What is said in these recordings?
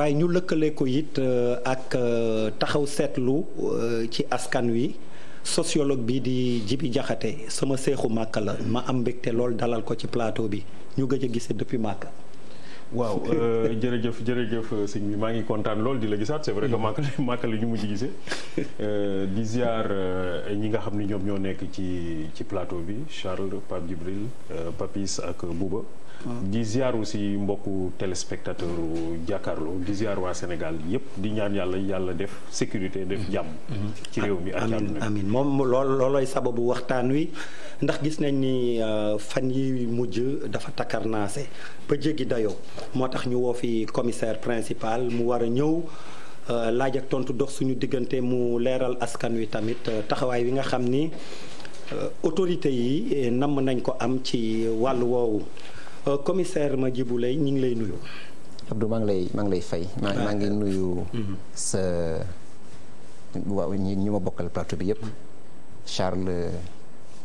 waaye ñu lëkkale ko it euh, ak euh, taxaw seetlu euh, ci askan wi sociologue bi di Jibi Jaxate sama seexu màkk la ma am mbégte lool dalal ko ci plateau bi ñu gëj a gise depuis màkk waaw jërëjëf jërëjëf sëñ bi maa ngi kontaan lool di la gisaat c'est vrai que màkk la màkk la ñu mujj gisee di ziar ñi nga xam ni ñoom ñoo nekk ci ci plateau bi Charles Pape Djibril Papis ak Bouba di ziar aussi mbokku téléspectateur jàkkaarloo di ziar waa Sénégal yépp di ñaan yàlla yàlla def sécurité def mm-hmm. jàmm. ci réew mi ak amiin amiin moom lool loolooy sababu waxtaan wi ndax gis nañ ni euh, fan yi mujj dafa takkarnaase ba jéggi dayoo moo tax ñu woo fi commissaire principal mu war a ñëw. Euh, laaj ak tontu dox suñu diggante mu leeral askan wi tamit euh, taxawaay wi nga xam ni autorité yi eh, namm nañ ko am ci wàll woowu Euh, commissaire Madjibou Leye ñu ngi lay nuyu. Abdou maa ngi lay maa lay fay. maa ah. maa ngi nuyu. Mm-hmm. sa waa ñi ma bokkal plateau bi yëpp. Charles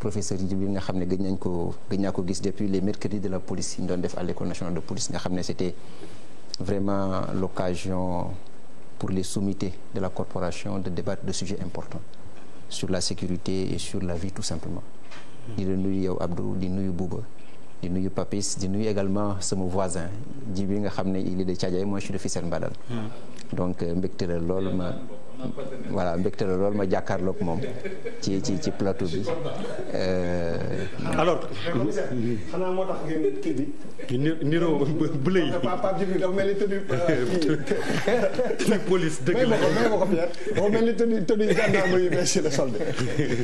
professeur Djibril nga xam ne gëj nañ ko gëj naa ko gis depuis les mercredis de la police yi ñu doon def à l'école nationale de police nga ne c'était vraiment l'occasion pour les sommités de la corporation de débattre de sujets important sur la sécurité et sur la vie tout simplement. Mm-hmm. di nuyu yow Abdou di nuyu Bouba. di nuyu Papis di nuyu également sama voisin ji bi nga xam ne il est moi je suis de Fissel Mbadal hmm. donc euh, mbégte la ma voilà mbégte la loolu ma jàkkaarloog moom ci ci ci plateau bi. Euh, niroo bu euh, lay. mel ni tenue. tenue police dëgg la. may ma ko may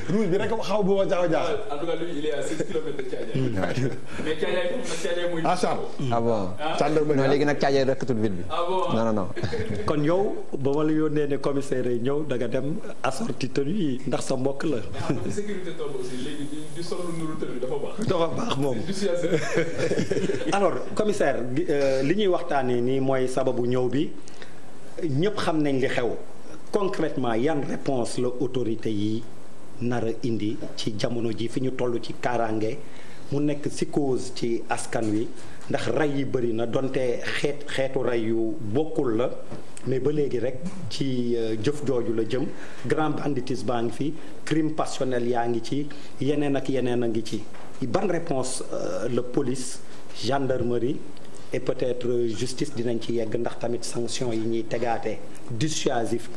rouge bi rek xaw bu ma jaaw jaax. en tout cas lui il est à nag mm. ah, Thiadiaye mooy. ah, ah, ah. léegi bi. non non non. kon yow ba ma la yónnee ne commissaire day ñëw da nga dem assorti tenue yi ndax sa mbokk la. Ah, sécurité dafa baax. moom alors commissaire euh, li ñuy waxtaanee nii mooy sababu ñëw bi ñëpp xam nañ li xew concrètement yan réponse la autorité yi nar indi ci jamono ji fi ñu toll ci kaaraange mu nekk si cause ci askan wi. ndax rey yi bëri na donte xeet xeetu rey yu bokkul la mais ba léegi rek ci euh, jëf jooju la jëm grand banditisme baa ngi fi crime passionnel yaa ngi ci yeneen ak yeneen a ngi ci ban réponse euh, la police gendarmerie et peut-être euh, justice dinañ ci yegg ndax tamit sanction yi ñuy tegaate dissuasif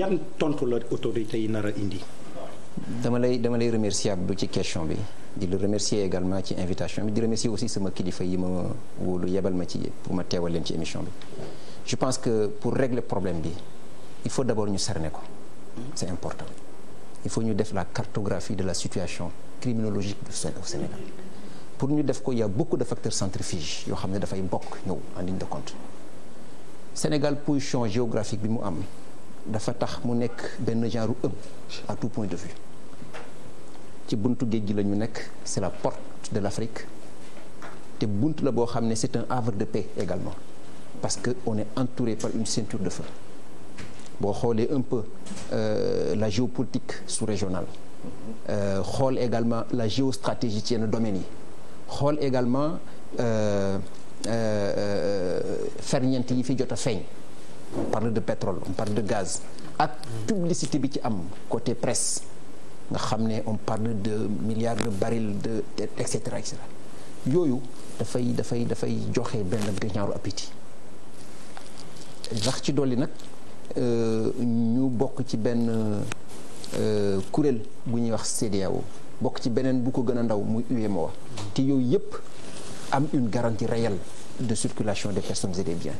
yan tontu la autorité yi nar a indi dama lay dama lay remerciable Abdou ci question bi di la remercier également ci invitation bi di remercier aussi sama kilifa yi ma woolu yebal ma ci pour ma teewal leen ci émission bi je pense que pour régler problème bi il faut d'abord ñu cerner ko c'est important il faut ñu def la cartographie de la situation criminologique au Sénégal pour ñu def ko y a beaucoup de facteurs centrifuges yoo xam ne dafay mbokk ñëw en ligne de compte Sénégal position géographique bi mu am dafa tax mu nekk benn genre ru ëpp e à de vue ci buntu géej gi la ñu nekk c'est la porte de l'Afrique te bunt la boo xam ne c'est un havre de paix également parce que on est entouré par une ceinture de feu boo xoolee un peu euh, la géopolitique sous-régionale euh, xool également la géostratégie ci yenn domaines yi xool également euh, euh, ferñeent yi fi jot a feeñ on parle de pétrole on parle de gaz ak publicité bi ci am côté presse nga xam ne un parle de milliards de barils de et yooyu dafay dafay dafay joxe benn gañaaru appétit rax ci dolli nag euh, ñu bokk ci benn euh, kuréel bu ñuy wax CEDEAO bokk ci beneen bu ko gën a ndaw muy UEMOA te yooyu yëpp am une garantie réelle de circulation de personnes des biens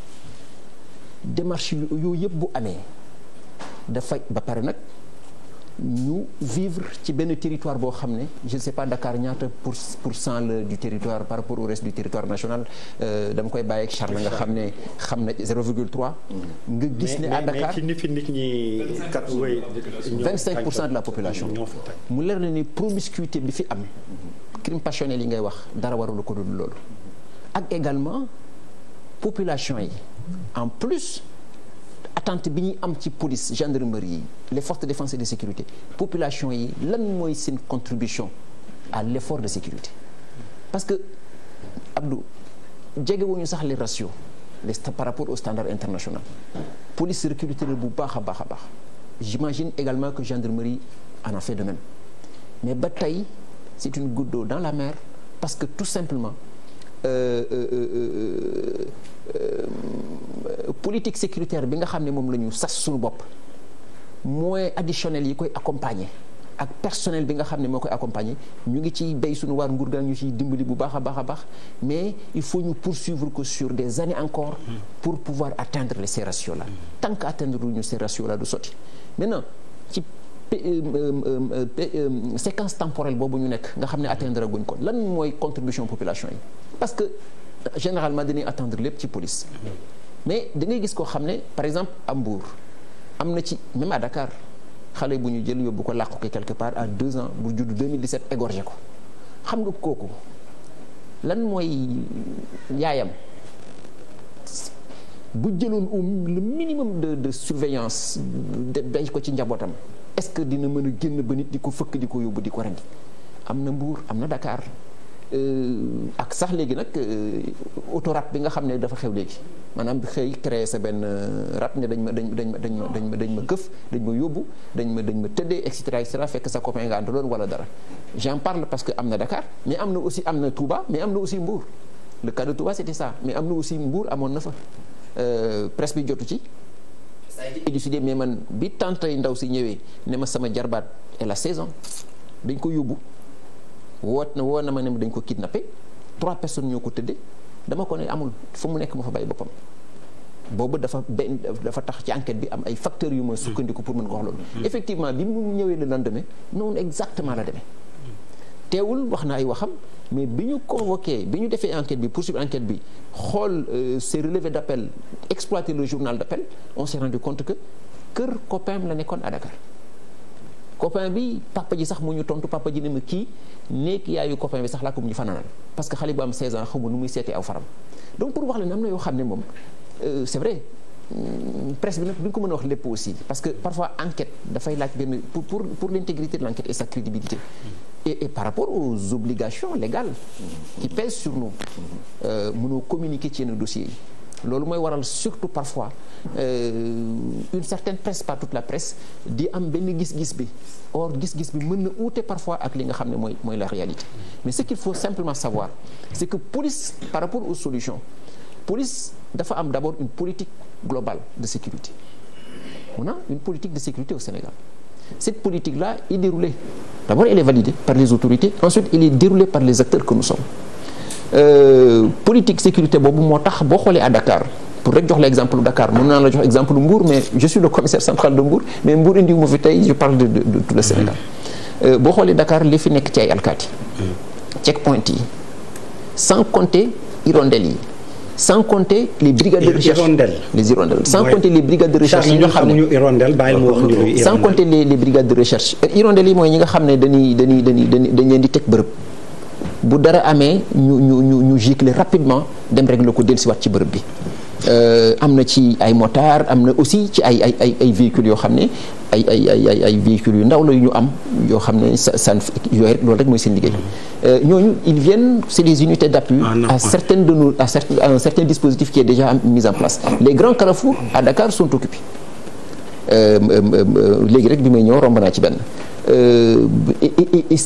yooyu yëpp bu amee dafay ba pare nag ñu vivre ci benn territoire boo xam ne je ne sais pas Dakar ñaata pour pour cent la du territoire par rapport au reste du territoire national euh, dama koy bàyyi ak Charles nga xam ne xam na 0,3. nga gis ne à Dakar mais mais ñi kat way 25 pour cent de la population. mu leer na ni promiscuité bi fi am. crime passionnel yi ngay wax dara warul ko dul loolu. ak également population yi en plus. attente bi ñuy am ci police gendarmerie yi les forces de défense et de sécurité population yi lan mooy seen contribution à l'effort de sécurité parce que Abdou jegewuñu sax les ratios les par rapport au standard international police recruté la bu baax a baax a baax j'imagine également que gendarmerie en a fait de même mais ba tey c'est une goutte dans la mer parce que tout simplement euh, euh, euh, politique sécuritaire bi nga xam ne moom la ñu sas suñu bopp mooy additionnels yi koy accompagner ak personnel bi nga xam ne moo koy accompagner ñu ngi ci béy suñu waar nguur ñu ciy dimbali bu baax a baax a baax mais il faut ñu poursuivre ko sur des années encore pour pouvoir attendre les ces ratios là tant que atteindre ñu ces ratios la du sotti maintenant ci euh, euh, euh, séquence temporelle boobu ñu nekk nga xam ne atteindre guñ ko lan mooy contribution population yi parce que généralement dañuy attendre lépp ci police mais da gis koo xam ne par exemple am Mbour am na ci même à Dakar xale bu ñu jël yóbbu ko làqu ko quelque part à deux ans bu judd 2017 égorgé ko xam nga kooku lan mooy yaayam bu jëloon au le minimum de de surveillance day ko ci njabootam est-ce que dina mën a génn ba nit di ko fëkk di ko yóbbu di ko rendi am na Mbour am na dakaar Euh, ak sax léegi nag euh, autorap bi nga xam ne dafa xew léegi maanaam xëy créer sa benn euh, rap ne dañ ma dañ dañ ma dañ ma dañ ma dañ ma këf dañ ma yóbbu dañ ma dañ ma tëddee et cetera fekk sa copain nga àndaloon wala dara j'en parle parce que am na dakaar mais am na aussi am na Touba mais am na aussi Mbour le cas de Touba c'était ça mais am na aussi Mbour amoon na fa presse bi jotu ci ça a été élucidé mais man bi tantay ndaw si ñëwee ne ma sama jarbaat et la saison dañ ko yóbbu woo na woo na ma ne dañ ko kidnappé trois personnes ñoo ko tëddee dama ko ne amul fu mu nekk ma fa bàyyi boppam boobu dafa benn dafa tax ci enquête bi am ay facteurs yu ma sukkandiku pour mën ko wax loolu. effectivement bi mu ñëwee le lendemain noonu exactement la demee. teewul wax na ay waxam mais bi ñu convoqué bi ñu defee enquête bi poursuivre enquête bi xool ces euh, relevés d' appel exploiter le journal d' appel on s' est rendu compte que kër copain la nekkoon à Dakar. copain bi papa ji sax mu ñu tontu papa ji ne ma kii nekk yaayu copain bi sax laa ko mu ñu fanaanal parce que xale bu am 16 ans xamul nu muy seetee aw faram donc pour wax leen am na yoo xam ne moom euh, c'est vrai mm, presse bi nag duñ ko mën a wax lépp aussi parce que parfois enquête dafay laaj benn pour pour pour l'intégrité de l'enquête et sa crédibilité et par rapport aux obligations légales qui pèsent sur nous euh, mënoo communiquer ci yenn dossiers yi loolu mooy waral surtout parfois euh, une certaine presse pas toute la presse di am benn gis-gis bi or gis-gis bi mën na uute parfois ak li nga xam ne mooy mooy la réalité mais ce qu'il faut simplement savoir c'est que police par rapport aux solutions police dafa am d'abord une politique globale de sécurité on a une politique de sécurité au Sénégal cette politique la est déroulée d'abord elle est validée par les autorités ensuite elle est déroulée par les acteurs que Euh, politique sécurité boobu moo tax boo xoolee à dakaar pour rek jox la exemple Dakar mën naa la jox exemple Mbour mais je suis le commissaire central de Mbour mais Mbour indi ma fi tey je parle de de tout Sénégal euh, boo xoolee Dakar li fi nekk ci ay alkaati check point yi sans compter hirondelle yi sans compter les brigades de recherche les de recherche yi nga xam ne hirondelle bàyyil ma wax ni sans compter les les brigades de recherche hirondelle yi mooy ñi nga xam ne dañuy dañuy dañuy dañ leen di teg bërëb bu dara amee ñu ñu ñu ñu gicler rapidement dem régler ko dellusiwaat ci bërëb bi euh, am na ci ay motard am na aussi ci ay ay ay ay véhicules yoo xam ne ay ay ay ay ay yu ndaw la yu ñu am yoo xam ne sa san yooyu rek loolu rek mooy seen liggéey euh, ñooñu ils viennent c'est des unités d'appui ah, à certaines de nos à certains à un certain dispositif qui est déjà mis en place les grands carrefours à Dakar sont occupés euh, léegi rek bi may ñëw romb naa ci benn Euh,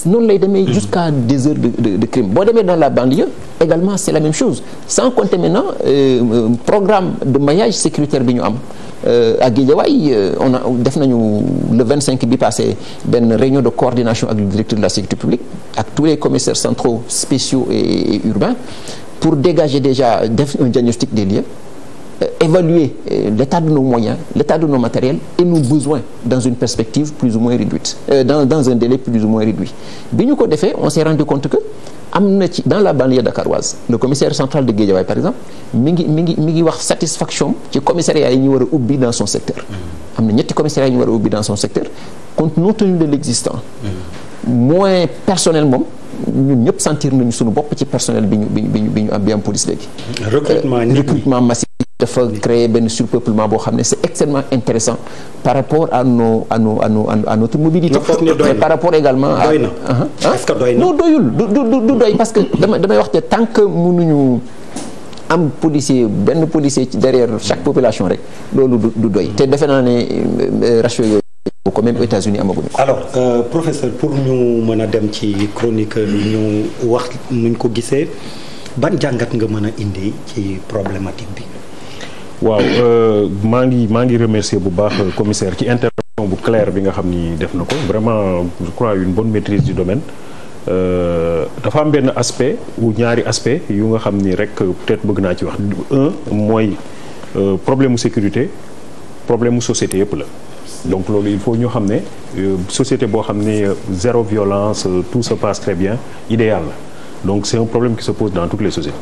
noonu lay demee jusqu'à des heures de, de, crime boo demee dans la banlieue également c'est la même chose sans compter maintenant euh, programme de maillage sécuritaire bi ñu am ak euh, Guédiawaye euh, on a def nañu le cinq bi passé benn réunion de coordination avec le directeur de la sécurité publique ak tous les commissaires centraux spéciaux et, urbains pour dégager déjà def un diagnostic des lieux Euh, évaluer euh, l'état de nos moyens, l'état de nos matériels et nos besoins dans une perspective plus ou moins réduite, euh, dans, dans délai plus ou moins réduit. Bi ñu ko defee on s'est rendu compte que am na ci dans la banlieue dakaroise le commissaire central de Guédiawaye par exemple mi ngi mi ngi wax satisfaction ci commissariat yi ñu war a ubbi dans son secteur. am na ñetti commissariat yi ñu war ubbi dans son secteur compte tenu de moins personnel ci personnel bi ñu bi bi ñu am dafa créer benn surpeuplement boo xam ne c'est extrêmement intéressant par rapport à nos à nos à nos à notre mobilité. par rapport également à. Ah, ah, ah. que doy na non doyul du du doy parce que dama damay wax te tant que mënuñu. am policier benn policier ci derrière chaque population rek loolu du doy te defe naa ne euh, ratio yooyu bu ko même États-Unis amaguñu ko alors euh, professeur pour ñu mën a dem ci chronique bi ñu wax nuñ ko gisee ban jàngat nga mën a indi ci problématique bi waaw euh, maa ngi maa ngi remercier bu baax euh, commissaire ci intervention bu claire bi nga xam ni def na ko vraiment je crois une bonne maîtrise du domaine euh, dafa am benn aspect ou ñaari aspect yu nga xam ni rek peut-être bëgg naa ci wax un mooy problème mu sécurité problème mu société yëpp la donc loolu il faut ñu xam ne société boo xam ni zéro violence tout se passe très bien idéal la donc c'est un problème qui se pose dans toutes les sociétés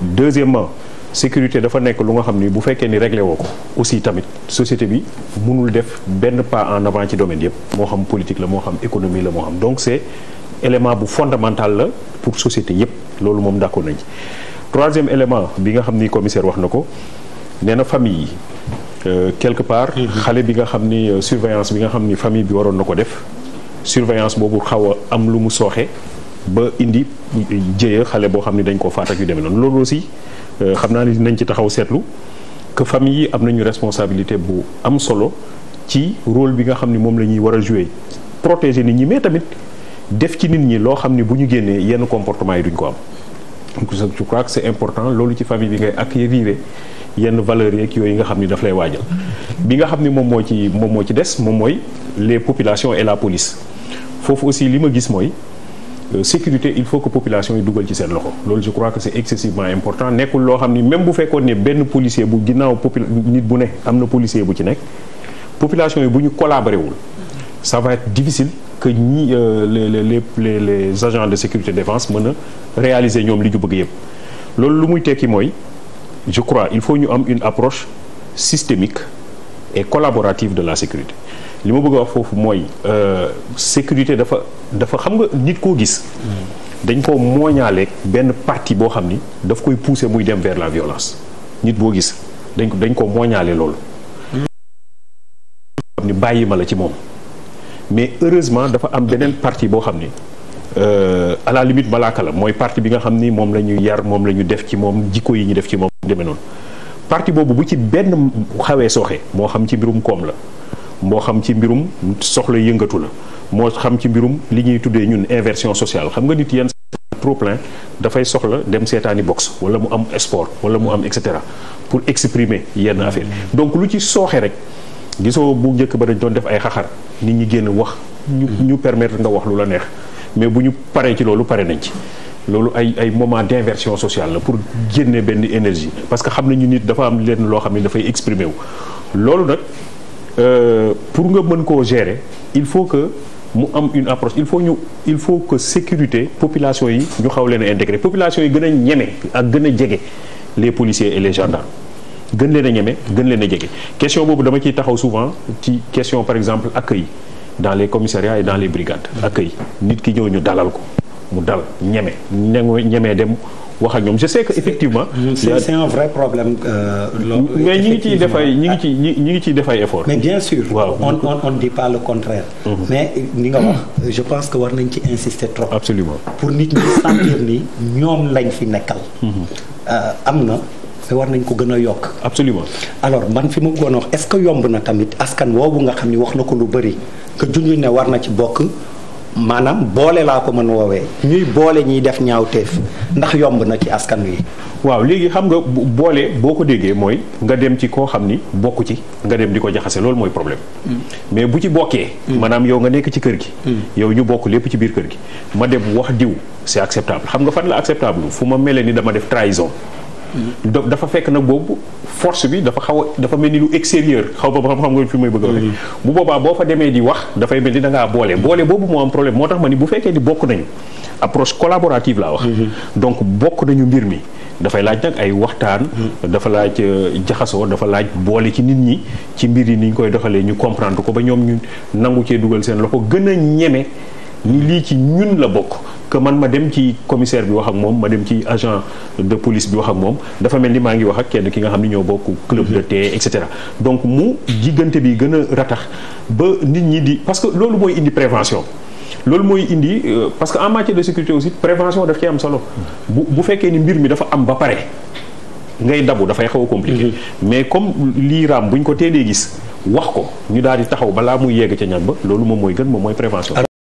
deuxièmement sécurité dafa nekk lu nga xam ni bu fekkee ni réglé woo ko aussi tamit société bi munul def benn pas en avant ci domaine yëpp moo xam politique la moo xam économie la moo xam donc c'est élément bu fondamental la pour société yëpp loolu moom d'accord nañ ci troisième élément bi nga xam ni commissaire wax na ko nee na famille yi euh, quelque part mm-hmm. xale bi nga xam ni euh, surveillance bi nga xam ni famille bi waroon na ko def surveillance boobu xaw a am lu mu sooxee ba indi jëya xale boo xam ni dañ koo faat yu deme noonu loolu aussi Euh, xam naa ni nañ ci taxaw seetlu que famille yi am nañu responsabilité bu am solo ci rôle bi nga xam ni moom la ñuy war a jouer protéger nit ñi mais tamit def ci nit ñi loo xam ni bu ñu génnee yenn comportement yi duñ ko am. donc je crois que c'est important loolu ci famille bi ngay ak acquérir yenn valeur yeeg yooyu nga xam ni daf lay waajal bi nga xam ni moom moo ci moom moo ci des moom mooy les population et la police foofu aussi li ma gis mooy. Euh, sécurité il faut que population yi dugal ci seen loxo loolu je crois que c'est excessivement important nekkul loo xam ni même bu fekkoon ne benn policier bu ginnaaw popul nit bu ne am na policier bu ci nekk population yi bu ñu collaboré wul ça va être difficile que ñi le euh, le les les agents de sécurité défense mën a réaliser ñoom li ñu bëgg yëpp loolu lu muy tekki mooy je crois il faut ñu am une approche systémique et collaborative de la sécurité li ma bëgg a wax foofu mooy euh, sécurité dafa dafa xam nga nit koo gis. dañ ko mooñaale benn partie boo xam ni daf koy pousser muy dem vers la violence nit boo gis dañ ko dañ ko mooñaale loolu. xam ni bàyyi ma la ci moom mais heureusement dafa am beneen parti boo xam ni. Euh, à la la mooy parti bi nga xam ni moom la ñu yar moom la ñu def ci moom jikko yi ñu def ci moom demee noonu parti boobu bu ci benn xawee sooxe moo xam ci mbirum koom la moo xam ci mbirum soxla yëngatu la moo xam ci mbirum li ñuy tuddee ñun inversion sociale xam nga nit yenn trop plein dafay soxla dem seetaani boxe wala mu am sport wala mu am et cetera pour exprimer yenn affaire mm-hmm. donc lu ci sooxe rek gisoo bu njëkk ba dañ doon def ay xaxar nit ñi génn wax ñu mm-hmm. ñu permettre nga wax lu la neex mais bu ñu paree ci loolu pare nañ ci loolu ay ay moment d'inversion sociale la pour génnee benn énergie parce que xam nañu nit dafa am lenn loo xam ne dafay exprimer wu loolu nag Euh, pour nga mën koo gérer il faut que mu am une approche il faut ñu il faut que sécurité population yi ñu xaw leen a intégré population yi gën a ñeme ak gën a jege les policiers et les gendarmes gën leen a ñeme gën leen a jege question boobu dama ciy taxaw souvent ci question par exemple accueil dans les commissariats et dans les brigades accueil nit ki ñëw ñu dalal ko mu dal ñeme ñeme dem wax ak ñoom je sais que effectivement. c'est un vrai problème. Euh, mais ñi ngi ciy def ay ñi ngi ciy ñi ngi ciy def ay efforts. mais bien sûr. on on pas le contraire. Mhm. mais ni nga wax je pense que war nañ ci insister trop. absolument pour nit ñi sentir ni ñoom lañ fi nekkal. Mhm. Euh, am na. se war nañ ko gën a yokk. absolument alors man fi ma bëggoon wax est que yomb na tamit askan woowu nga xam ni wax na ko lu bëri que junj ne war na ci bokk. maanaam boole laa ko mën woowee ñuy boole ñiy def ñaawteef ndax yomb na ci askan wi. waaw léegi xam nga boole boo ko déggee mooy nga dem ci koo xam ni bokk ci nga dem di ko jaxase loolu mooy problème. Mm. mais bu ci bokkee. Mm. maanaam yow nga nekk ci kër gi. Mm. yow ñu bokk lépp ci biir kër gi ma dem wax diw c'est acceptable xam nga fan la acceptable fu ma mele ni dama def trahison. dafa fekk nag boobu force bi dafa xaw a dafa mel ni lu extérieur xaw ba xam-xam nga fi may bëgg a waxee mm-hmm. bu boobaa boo fa demee di wax dafay mel ni da ngaa boole boole boobu moo am problème moo tax ma ni bu fekkee ni bokk nañu approche collaborative laa wax mm-hmm. donc bokk nañu mbir mi dafay laaj nag ay waxtaan mm-hmm. dafa laaj euh, jaxasoo dafa laaj boole ci nit ñi ci mbir yi ni ñu koy doxalee ñu comprendre ko ba ñoom ñu nangu cee dugal seen ko gën a ñeme ni lii ci ñun la bokk que man ma dem ci commissaire bi wax ak moom ma dem ci agent de police bi wax ak moom dafa mel ni maa ngi wax ak kenn ki nga xam ni ñoo bokk club de thé et cetera donc mu diggante bi gën a ratax ba nit ñi di parce que loolu mooy indi prévention loolu mooy indi euh, parce que en matière de sécurité aussi prévention daf am solo bu bu fekkee ni mbir mi dafa am ba pare ngay dabu dafay xaw a compliqué mm-hmm. mais comme lii raam bu ñu ko teelee gis wax ko ñu daal di taxaw balaa muy yegg ca ñag ba loolu moom mooy gën moom mooy prévention